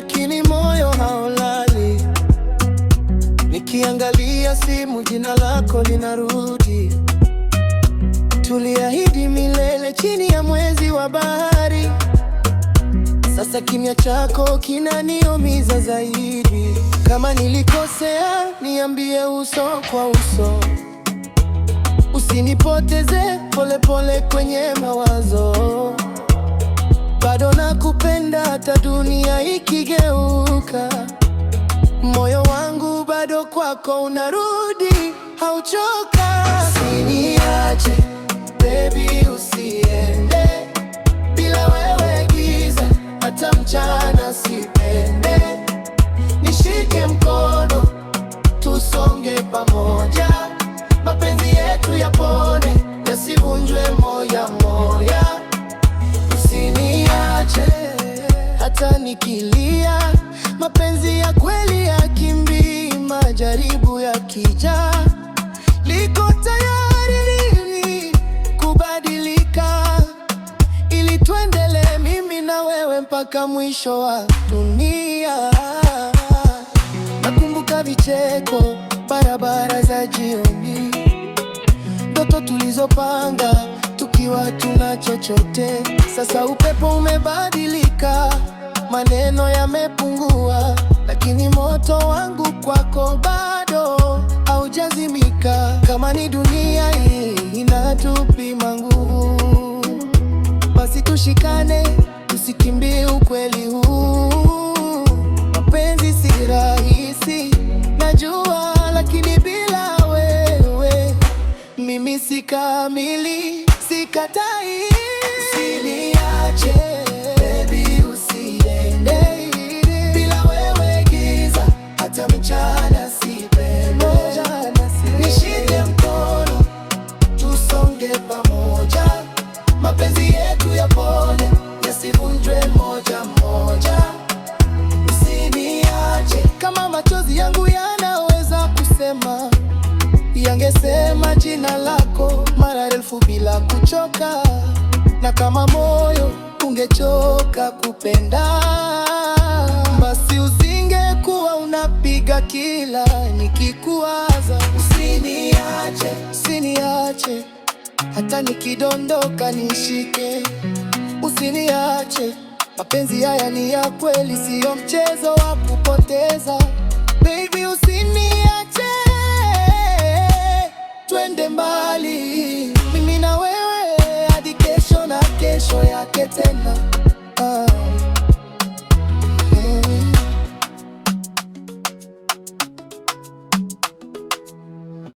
lakini moyo haulali. Nikiangalia simu, jina lako linarudi. Tuliahidi milele chini ya mwezi wa bahari. Sasa kimya chako kinaniumiza zaidi. Kama nilikosea, niambie uso kwa uso. Usinipoteze polepole kwenye mawazo nakupenda hata dunia ikigeuka, moyo wangu bado kwako unarudi, hauchoki. Eh, hata nikilia. Mapenzi ya kweli ya kimbi, majaribu ya kija liko tayari lili kubadilika, ili tuendelee mimi na wewe mpaka mwisho wa dunia. Nakumbuka vicheko, barabara za jioni, ndoto tulizopanga tukiwa tuna chochote. Sasa upepo umebadilika, maneno yamepungua, lakini moto wangu kwako bado haujazimika. Kama ni dunia hii inatupima nguvu, basi tushikane, tusikimbie ukweli huu. Mapenzi si rahisi, najua, lakini bila wewe mimi si kamili sikatai, usiniache baby, usiende bila wewe, giza hata mchana sipende, nishike mkono tusonge pamoja, mapenzi yetu yapone, yasivunjwe moja moja ningesema jina lako mara elfu bila kuchoka, na kama moyo ungechoka kupenda, basi usingekuwa unapiga kila nikikuwaza. Usiniache, usiniache hata nikidondoka nishike, usiniache. Mapenzi haya ni ya kweli, siyo mchezo wa kupoteza.